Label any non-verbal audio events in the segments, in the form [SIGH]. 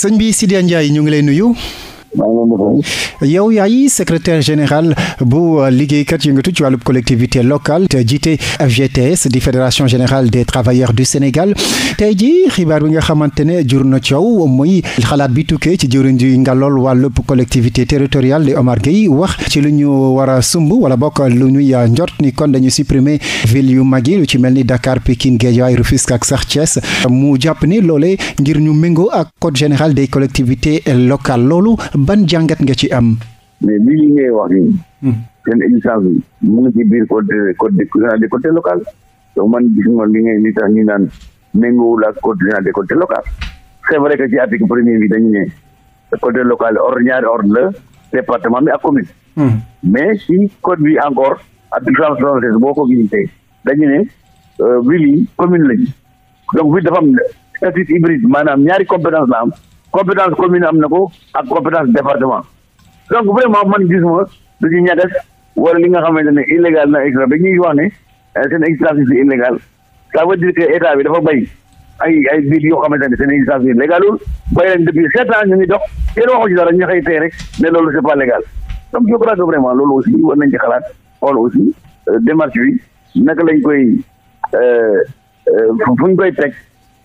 sëñ bi Sidya Ndiaye ñu ngi lay nuyu. yow yaay secretaire général bu liggéeykat yëngatu ci wàllub collectivité locale te jiite FGTS di fédération général des travailleurs du Sénégal tey ji xibaar bi nga xamante ne jur na coow muy xalaat bi tukkee ci jëwriñ ji ngalool wàllub collectivité territorial di Omar Gueye wax ci lu ñu war a sumb wala bokk lu ñuy njort ni kon dañu supprimer ville yu mag yi lu ci mel ni Dakar Pikine Guédiawaye Rufisque ak sax Thiès mu jàpp ni loole ngir ñu méngoo ak code général des collectivités locales loolu ban jàngat nga ci am. mais lii ngay wax nii. Hmm. seen existence bi mu ngi ci biir code code général des collectivités locales donc man gis nga li ñu naan méngoowul ak code général des collectivités locales c'est que ci article premier bi dañu ne collectivité locale or ñaari ordre la département bi ak commune. Hmm. mais si code bi encore article cent soixante-seize boo ko gisee dañu ne euh, ville commune lañu donc ville dafa am statut hybride maanaam ñaari compétence la am. compétence commune am na ko ak compétence département donc vraiment man gis ma du ñu ñagas wala li nga xamante ne illégal na extra ñuy wax ne euh, seen existence bi illégal ça veut dire que état bi dafa bay ay ay biir yoo xamante ne seen existence bi légalul bay leen depuis sept ans ñu ngi dox kenn waxu ci dara ñu xëy tey rek ne loolu c'est pas légal donc je crois que vraiment loolu aussi war nañ ci xalaat xool aussi euh, démarche bi naka lañ koy euh, fu ñu koy teg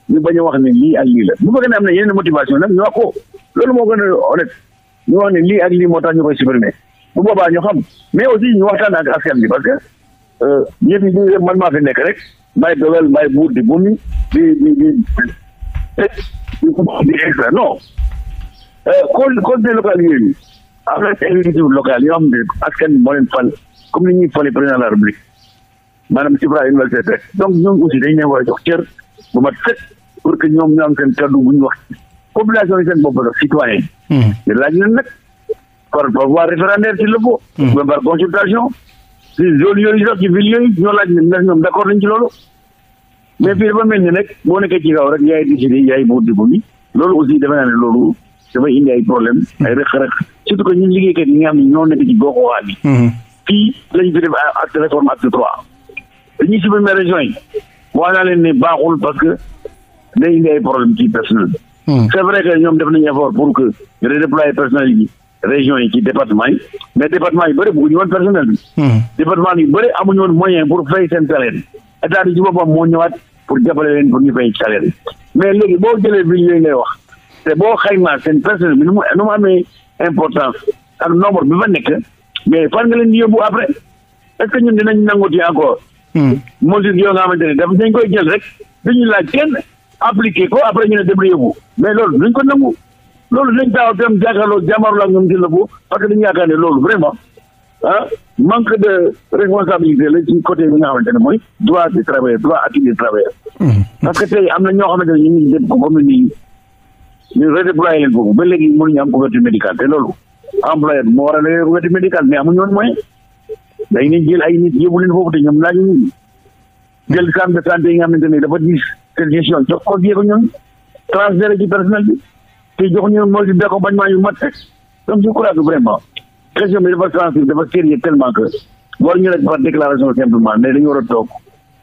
ñu bañ a wax ne lii ak lii la bu fekkee ne am na yeneen motivation nag ñu wax ko loolu moo gën a honnête ñu wax ne lii ak lii moo tax ñu koy supprimer bu boobaa ñu xam mais aussi ñu waxtaan ak askan bi parce que ñëpp euh, yi di man maa fi nekk rek may dogal may buur di bumi di di di di extra non code euh, code local yooyu am na exécutif local yoo xam ne askan bi moo leen fal comme ni ñuy fale président de la maanaam supra université donc ñoom aussi dañ leen war a jox cër bu mat sëkk pour que ñoom ñu am seen kaddu bu ñu wax population yi seen bopp la citoyen mais hmm. laaj leen nag par par voie référendaire ci la ko même par consultation si zone yooyu sax ci ville yooyu ñoo laaj ne ndax ñoom d' accord nañ ci loolu mais fii dafa mel ni nag a nekkee ci kaw rek yaay décidé yaay buur di ko bi loolu aussi dafa naa ne loolu dafay indi ay problème ay rëq-rëq surtout que ñun liggéeykat yi nga xam ne ñoo nekk ci gox waa bi hmm. fii lañu fi def acte réforme acte trois dañuy ne baaxul parce que day indi ay problème ci personnel bi. Hmm. c'est vrai ñoom def nañu effort pour que redéployer personnel yi région yi ci département yi mais département yi bëri bëgguñu woon personnel bi. Hmm. département yu bëri amuñu woon moyen pour fay seen salaire état bi ci boppam moo ñëwaat pour jàppale leen pour ñu fay salaire yi mais léegi boo jëlee bi yooyu ngay wax te boo xaymaa seen personnel bi nu mu nu mu amee nombre bi fa nekk mais fan nga leen di yóbbu après est-ce que ñun dinañ nanguti encore. Hmm. mesure yoo nga xamante ne daf dañ koy jël rek dañuy laaj appliqué ko après ñu ne loolu duñ ko loolu dañ daaw dem jàkkaarloo jàmmarloo ak ñoom gis na ko parce loolu vraiment ah manque de responsabilité la ci côté nga xamante ne mooy droit am na ñoo xamante ne ko comme ni leen foofu ba léegi mënuñu am couverture médicale te loolu employeur moo war a la couverture médicale mais amuñu woon moyen dañ jël ay nit yóbbu leen foofu te ñoom laaj ñu jël centre de santé yi nga xamante ne dafa diis. seen gestion jox ko jéego ñun transféré ci personnel bi te jox ñun mooy d' accompagnement yu mat rek donc je crois que vraiment question bi dafa sensible dafa sérieux tellement que war ñu rek par déclaration simplement mais dañu war a toog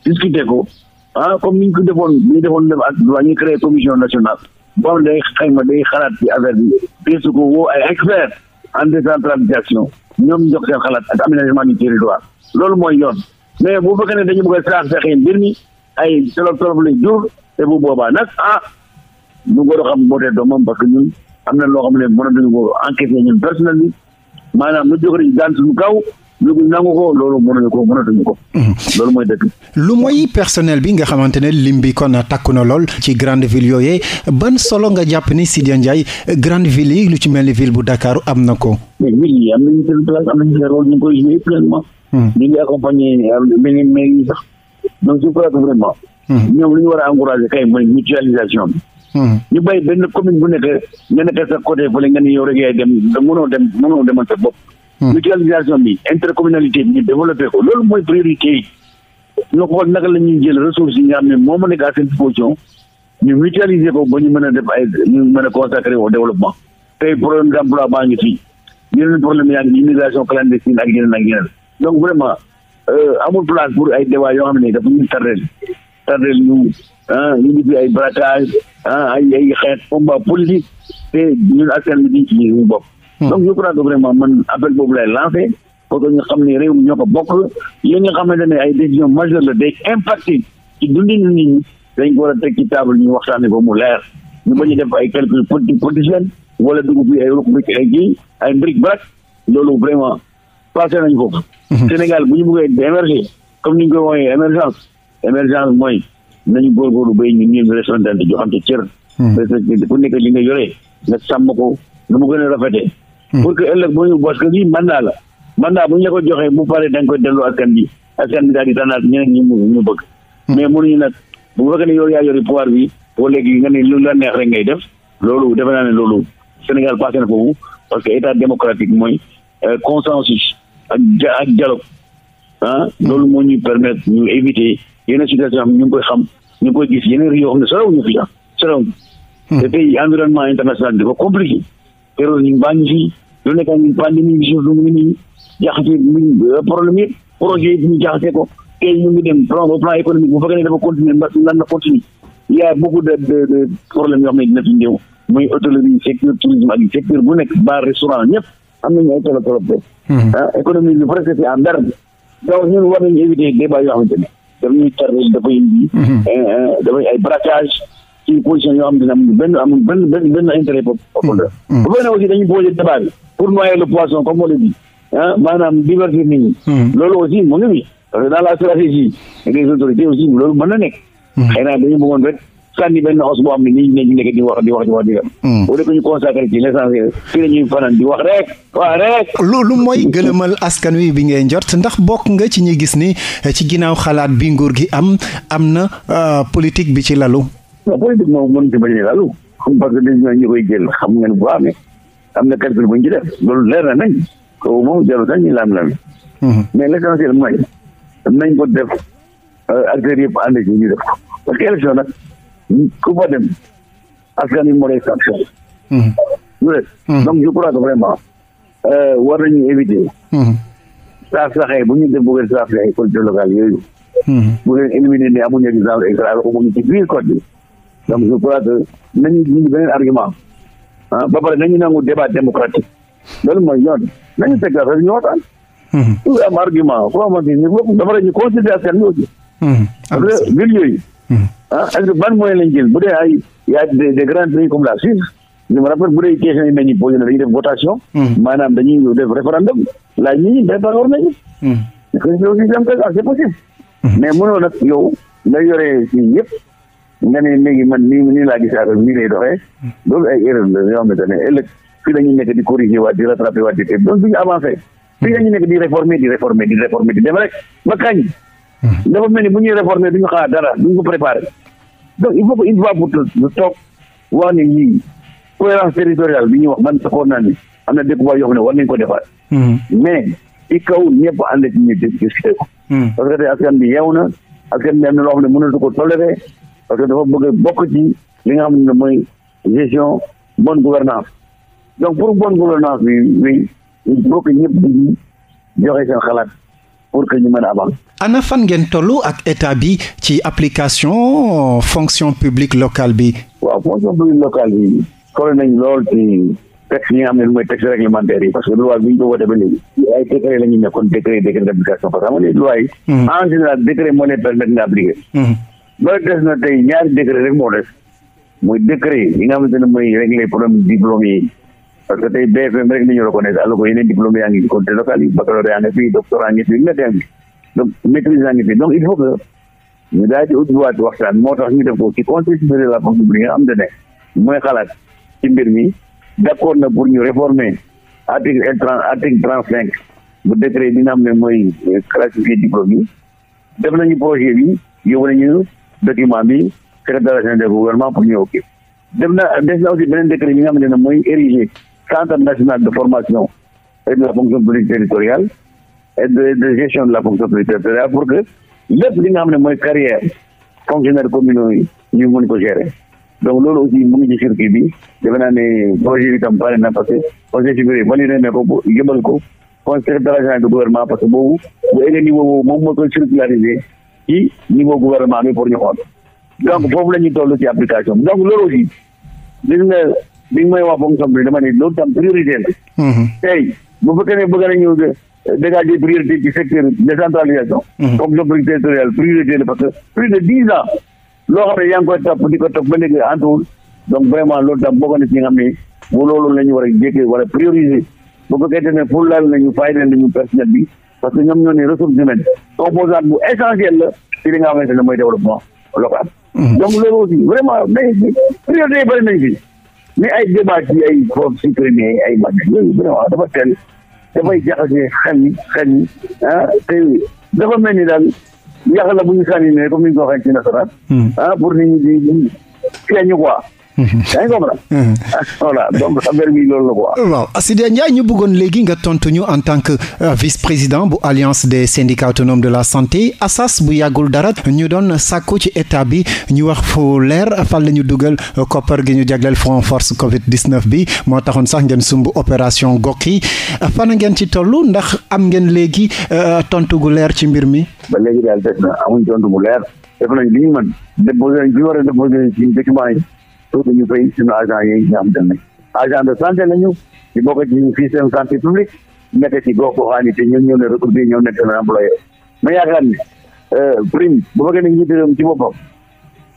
discuter ko ah comme ni ñu ko defoon ni ñu defoon def ak waa ñu créé commission nationale boo xam ne day xayma day xalaat ci affaire bi deesu ko woo ay expert en décentralisation ñoom ñu jox seen xalaat aménagement du territoire loolu mooy yoon mais bu fekkee ne dañu ay tolof tolof lay jur te bu boobaa nag ah mu góor a xam bootee doomam parce que ñun am na loo xam ne mënatuñu ko encaissé ñun personnel bi maanaam lu jóg rek daan suñu lu nangu ko loolu mënuñu ko mënatuñu ko. Mhm. loolu mooy dëgg. lu mooy personnel bi nga xamante ne lim bi kon takku na lool. ci grande ville yooyee ban solo nga jàpp ni Sidya Ndiaye grande ville yi lu ci mel ni ville bu Dakar am na ko. mais ville donc je crois que vraiment. ñoom li ñu war kay mooy mutualisation bi. ñu benn commune bu nekk nga nekk sa côté fële nga ni yow rek yaay dem mënoo dem mënoo demal sa bopp. mutualisation bi intercommunalité bi ñu ko loolu mooy priorité yi. naka la ñuy jël ressources yi nga xam ne moo ma nekk à seen disposition ñu mutualiser ko ba ñu mën a def ay ñu mën a consacrer au développement. tey problème d' emploi baa ngi fii yeneen problème yaa ngi immigration Euh, amul place pour ay débat yoo xam ne dafa ñuy tardel tardel ñu ah, ngi fi ay braquage ah ay ay xeet combat di te ñun askan bi diñ ci ñu bopp hmm. donc je crois que man appel boobu lay lancé parce que xam ni réew mi ñoo ko bokk yi nga xamante ne ay décision majeure la day impacté ci dundinu nit ni dañ ko war a teg ci table ñu waxtaane ko mu leer ñu bañ a def ay calcul politique politicien wala dugg fi ay ruq bi ay kii ay bric brac loolu vraiment passé nañ ko. Mhm. Sénégal bu ñu bëggee émerger comme ni ñu koy woowee émergence émergence mooy nañu góorgóorlu béy ñun ñëpp responsabilité joxante cër. Mhm. responsabilité ku nekk li nga yoree nga sàmm ko nu mu gën a rafetee. Mhm. pour que ëllëg bu ñu parce que man mandat la mandat bu ñu la ko joxee bu paree dañ nga koy delloo askan bi askan bi daal di tànnaat ñeneen ñi mu ñu bëgg. mais ñu nag bu fekkee ne yow yaa yori pouvoir bi boo léegi nga ne lu la neex rek ngay def loolu defe naa ne loolu Sénégal passé na foofu parce que état démocratique mooy euh, consensus. ak ak dialogue ah loolu moo ñu permettre ñu éviter yeneen situation am ñu ngi koy xam ñu ngi koy gis yeneen réew xam ne sorewuñu fi sax sorewuñu hmm. te tey environnement international dafa compliqué terrorisme ñu ngi baa ngi fii lu nekk ak pandémie bi suuf lu mu ngi jaxasee mu euh, problème yëpp projet yi ñu jaxasee ko tey ñu ngi dem plan au plan économique bu fekkee ne dafa continuer mbaa lan la continuer il y a beaucoup de de de problèmes yoo xam ne dina fi ñëw muy hôtellerie secteur tourisme ak secteur bu nekk bar restaurant ñëpp am nañu ay tolo trop Mm-hmm. Ah, économie bi presque c'est en berne donc ñun war nañu éviter débat yoo xamante ne daf ñuy tarbi dafay indi mm-hmm. eh, eh, dafay ay braquage ci position yoo xam ne amul benn amul benn benn benn intérêt populaire bu fekkee ne aussi dañuy posé débat bi pour noyer le poisson comme on le dit ah maanaam divertir nit ñi mm-hmm. loolu aussi mu ngi nii parce que dans la na nekk xëy na dañu bëggoon rek sànni benn os boo xam ne nii ñu nekk di wax di wax di wax di wax. au lieu que ñu consacré ci l'essentiel fii la ñuy fanaan di wax rek wax rek. loolu mooy gëlëmal askan wi bi ngay njort ndax bokk nga ci ñu gis ni eh, ci ginnaaw xalaat bi nguur gi am am na euh, politique bi ci lalu. non politique moom mën ci bañ dañ ñu koy jël amee am na calcul bu ñu ci def loolu leer na nañ kooku moom jarul sax ñu laam laam. Hmm. mais l'essentiel mooy nañ ko def euh, acteurs yëpp ànd ci ñu def parce que élection nag. ku fa dem askan wi moo lay sanction mm-hmm. mm-hmm. donc je crois que euh, war nañu éviter mm-hmm. saa saxee bu ñu def bu ngeen saa saxee collectivité locale yooyu bu ngeen a ne amuñu exemple exemple ko mu ci biir code bi donc je crois nañu ñu beneen argument ah, ba pare nañu nangu débat démocratique loolu mooy nañu teg affaire ñu waxtaan tout am argument foo xamante ni ba pare ñu considérer askan bi aussi parce que yooyu ah ak ban moyen lañ jël bu dee ay y a des grands comme la Suisse je me rappelle bu dee question yi nañu posé dañuy def votation. Hmm. maanaam dañuy def référendum laaj nit ñi préparé woon nañu. Hmm. parce que loolu système bi ah c'est possible. Hmm. mais mënoo nag yow nga yore ci yëpp nga ne léegi man nii nii laa gis affaire nii lay doxee loolu ay erreur la yoo xamante ne ëllëg fii la nekk di corriger waat di rattraper waat di dem rek ba kañ. Mm-hmm. dafa mel ni bu ñuy réformer du ñu xaar dara du ñu ko préparé donc il faut que une fois pour toog wax ne ñii cohérence territoriale bi ñuy wax man d'accord naa ni am na dëkkuwaay yoo xam ne war nañu ko defaat mm-hmm. mais ci kaw ñëpp ànd ci ñu discuter ko. Mm-hmm. parce que tey askan bi yeewu na askan bi am na loo xam ne mënatu ko toléré parce que dafa bëgg bokk ji li nga xam ne mooy gestion bonne gouvernance donc pour bonne gouvernance bi oui il faut que ñëpp di joxe seen xalaat. pour que ñu mën a avancer. ana fan ngeen toll ak état bi ci application fonction publique locale bi. waaw fonction publique locale bi toll nañ lool ci texte yi nga xam ne mooy texte réglementaire yi parce que loi bi ñu ko wote ba léegi ay décret la ñu nekkoon décret décret d'application parce que xam nga loi yi. Hmm. en général décret moo lay permettre nga appliquer. loolu hmm. des na tey ñaari décret rek moo des mooy décret yi nga xamante ne mooy régler problème diplôme parce que tey BFM rek la ñu reconnaître alors que yeneen diplôme yaa ngi ci comité yi baccalauréat yaa ngi fi doctorat ngi fi maître yaa ngi fi donc fi donc il faut que ñu daal di utiwaat waxtaan moo tax ñu def ko ci conseil de la fonction publique nga am mi d' na pour ñu réformer article L trente article trente cinq bu décret bi nga xam mooy classifier diplôme yi def nañu projet bi yóbbu nañu document bi secrétariat général du gouvernement pour ñu ok def na def na aussi beneen décret bi nga xam ne mooy Centre national de formation et de la fonction publique territoriale et de, de gestion de la fonction publique territoriale pour que lépp li nga xam ne mooy carrière fonctionnaire communaux yi ñu mën ko gérer donc loolu aussi mu ngi ci circuit bi defe naa ne projet bi tam pare na parce que conseil supérieur validé na ko yëbal ko conseil secrétaire général du gouvernement parce que boobu bu eggee niveau boobu moom moo koy circulariser pour ñu xool donc foofu la ñuy toll ci application donc li nga may wax bi dama ne loolu tam priorité la. tey bu fekkee ne bëgg nañu dégager priorité ci secteur décentralisation. comme collectivité territoriale priorité la parce que plus de dix ans loo xam ne yaa ngi koy topp di ko topp ba léegi antuwul donc vraiment loolu tam bokk na nga xam bu loolu la ñu war a jékkee war a prioriser bu fekkee ne fulaal nañu fayal nañu personnel bi. parce que ñoom ñoo ne ressources humaines composante bu essentiel la ci li nga xamante ne mooy développement local. donc mais ay débat yi ay foofu supprimer ay mag yooyu vraiment dafa teel dafay jaxase xel yi xel ah, te dafa mel ni daal yàq la bu ñu sànni ne comme ni ñu ko waxee ci nasaraan hmm. ah pour nit ñi di feeñu quoi yaa ngi comprendre. [LAUGHS] voilà donc affaire bi la quoi. waaw ñu bëggoon léegi nga tontu ñu en tant que euh, vice-président bu alliance des syndicats autonomes de la santé ASAS bu yàggul dara ñu doon sàkku ci état bi ñu wax fu leer fan la ñu dugal euh, koppar gi ñu jagleel front force Covid 19 bi moo taxoon sax ngeen sumb opération gox yi fan ngeen ci toll ndax am ngeen léegi euh, tontu gu leer ci mbir mi. ba léegi bu leer def nañ a déposé ci surtout dañu fay suñu agent yooyu nga xam te ne agent de santé lañu di bokk ci fii seen santé publique nekk ci gox goxaan te ñun ñoo ne recruté ñoo nekk seen employé ma yaakaar ne prime bu fekkee ne njiit réew ci boppam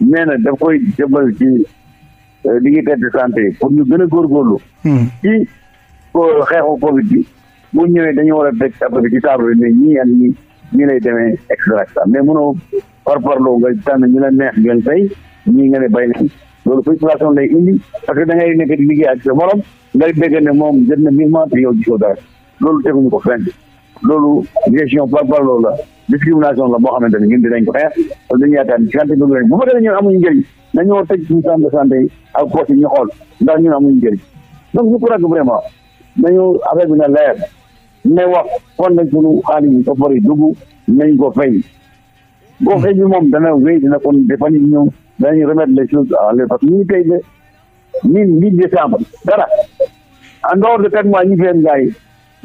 nee na daf koy jëmbal ci liggéeykat de santé pour ñu gën a góor góorgóorlu ci xeexu covid bi bu ñëwee dañu war a teg après ci table bi ne ñii ak ñii ñii lay demee extra mais mënoo par parloo nga tànn ñu la neex ngeen fay ñii nga ne bay nañ loolu frustration lay indi parce que da ngay nekk di liggéey ak sa morom ngay dégg ne moom jot na mûrement te yow gisoo dara loolu teguñu ko fenn loolu gestion par par loolu la la boo xamante ne ñun dinañ ko xeex wala dañu yaakaar ni santé bi bu ma defee ñun amuñu njëriñ nañoo tëj suñu ñu xool ndax ñun amuñu njëriñ donc ñu crois que vraiment nañu affaire bi na leer ne wax kon nañ suñu xaalis yi koppar yi dugg nañ ko fay boo xëy bi moom dana wéy dina kon defani ñëw danañu remettre les choses à leur parce que tey de mille mille décembre dara en dehors de quatre mois ñu feen gars yi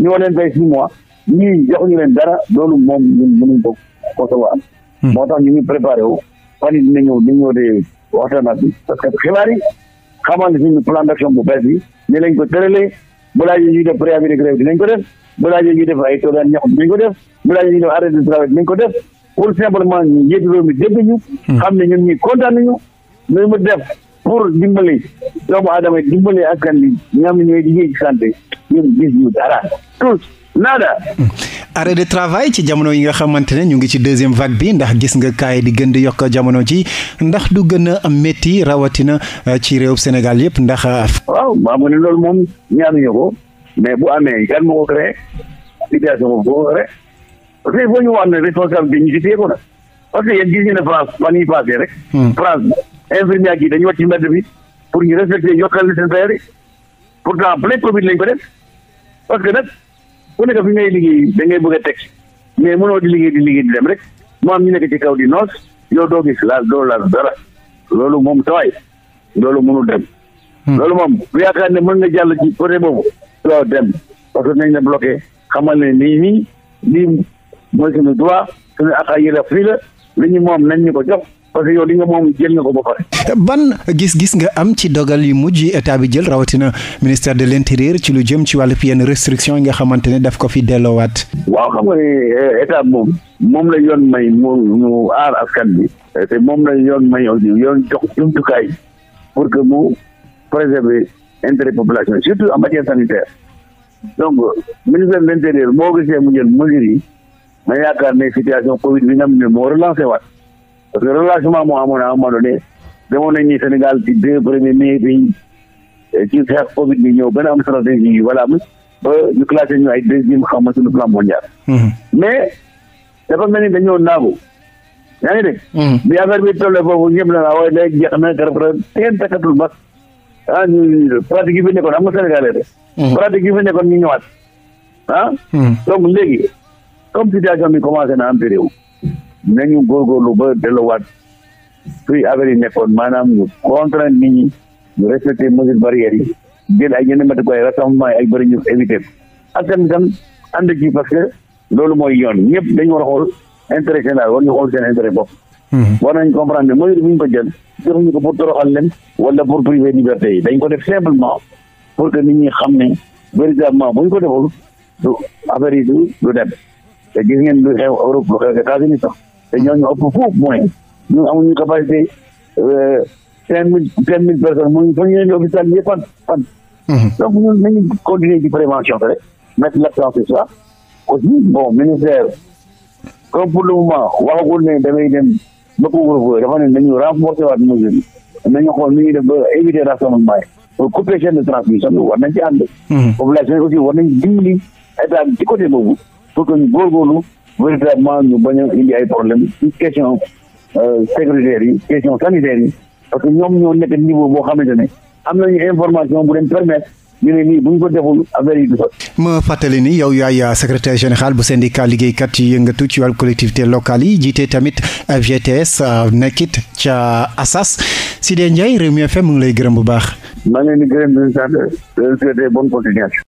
ñu war leen fay six mois ñii joxuñu leen dara loolu moom ñun mënuñ ko concevoir hmm. moo tax ñu ngi préparé wu fan yi dina ñëw di ñëw de waxtaan ak bi parce que xibaar yi xamal ne suñu plan d' action bu bees bi ni lañ ko tëralee bu laajee ñuy def préavis de grève dinañ ko def bu laajee ñuy ko def bu laajee ñuy def arrêt de travail dinañ ko def pour simplement ñu yéegi réew mi ñu. Hmm. xam ne ñun ñii kontaan nañu. nu mu def pour dimbali doomu aadama dimbali askan bi ñi nga ci santé ñun gis ñu dara tous nada. Hmm. ci jamono yi nga xamante ne ñu ngi ci deuxième vague bi ndax gis nga kaay di gën di yokk jamono ci ndax du gën a am métti rawatina euh, ci réew Sénégal yëpp ndax. Euh, waaw maa mu ne loolu moom ñaanuñu ko mais bu amee kan moo ko ko créé parce que il faut ñu wax ne France fan yii passé rek. Hmm. France infirmière yi dañu wàcc ci mbedd bi pour ñu respecter yokkal seen salaire pourtant plein profit ko def parce que nag ku nekk fi ngay liggéey da ngay bëgg a teg mais mënoo di liggéey di liggéey di dem rek moo am ñu nekk ci kaw di noos yow doo gis laal doo laal dara loolu moom tawaay loolu mënul dem. Hmm. loolu moom bu yaakaar ne mën nga jàll ci côté boobu doo dem parce que nañ la bloqué xamal ne nii nii. mooy ne droit suñu ak ay yëleef fii la li ñu moom nañ ñu ko jox parce que yow li nga moom jël nga ko ba pare. ban gis-gis nga am ci dogal yu mujj état bi jël rawatina ministère de l' intérieur ci lu jëm ci wàllu yenn restriction yi nga xamante ne daf ko fi delloowaat. waaw xam nga ni eh, état moom moom la yoon may mu mu aar askan bi te moom la yoon may yoon jox jumtukaay pour que mu préserver intérêt population surtout en matière sanitaire donc ministère de l' intérieur moo mu jël mesures yi. ma yaakaar ne situation Covid bi nga xam ne moo relancé waat parce que relancement moo amoon à un moment donné demoon nañu Sénégal ci deux premiers meilleurs pays ci xeex Covid bi ñëw benn am stratégie yi voilà ba ñu classé ñu ay deuxième xam ma sur le plan mondial. Mm-hmm. mais dafa mel ni dañoo naagu. yaa ngi dégg. Mm-hmm. bi affaire bi toll foofu ñëpp na la waaye day jeex na keroog kenn takkatul bas ah ñu pratique yi fi nekkoon am nga Sénégalais de. Mm-hmm. pratique yi fi nekkoon ñu ñëwaat ah. donc comme situation bi commencé na empiré wu nañu góorgóorlu ba delluwaat suy affaire yi nekkoon maanaam ñu contraindre nit ñi ñu respecté mesures barrières yi jël ay yenn matukaay rassemblement yi ay bëri ñu éviter ko askan bi tam ànd ci parce que loolu mooy yoon ñëpp dañu war a xool intérêt général war ñu xool seen intérêt bopp. Mhm. war nañ comprendre ne mesure bi ñu ko jël joxuñu ko pour toroxal leen wala pour priver liberté yi dañ ko def simplement pour que nit ñi xam ne véritablement bu ñu ko deful du affaire du du dem. te gis ngeen lu xew Europe lu xew ñu amuñu capacité euh, cinq mille cinq mille personnes mu fa ñu leen di hôpital yëpp fan fan mhm. donc ñun nañu continuer ci prévention rek mettre l'accent sur ça aussi bon ministère comme pour le moment waxagul ne damay dem ba couvre-feu dafa ne nañu renforcer waat mesure bi nañu xool nu ñuy def de transmission bi war nañ ci ànd mhm. population yi aussi war nañ dimbali état bi ci côté boobu pour que ñu góorgóorlu véritablement ñu bañ a indi ay problème ci question euh, sécuritaire yi question sanitaire yi parce que ñoom ñoo nekk niveau boo xamante ne am nañu information bu leen permettre ñu ne nii bu ñu ko deful affaire yi sot ma fàttali ni yow yaay secrétaire général bu syndicat liggéeykat yi yëngatu ci wàllu collectivité locale yi jiite tamit VTS euh, nekkit ca ASAS Sidé Ndiaye Rewmi FM mu ngi lay gërëm bu baax. maa ngi leen di gërëm di leen sant di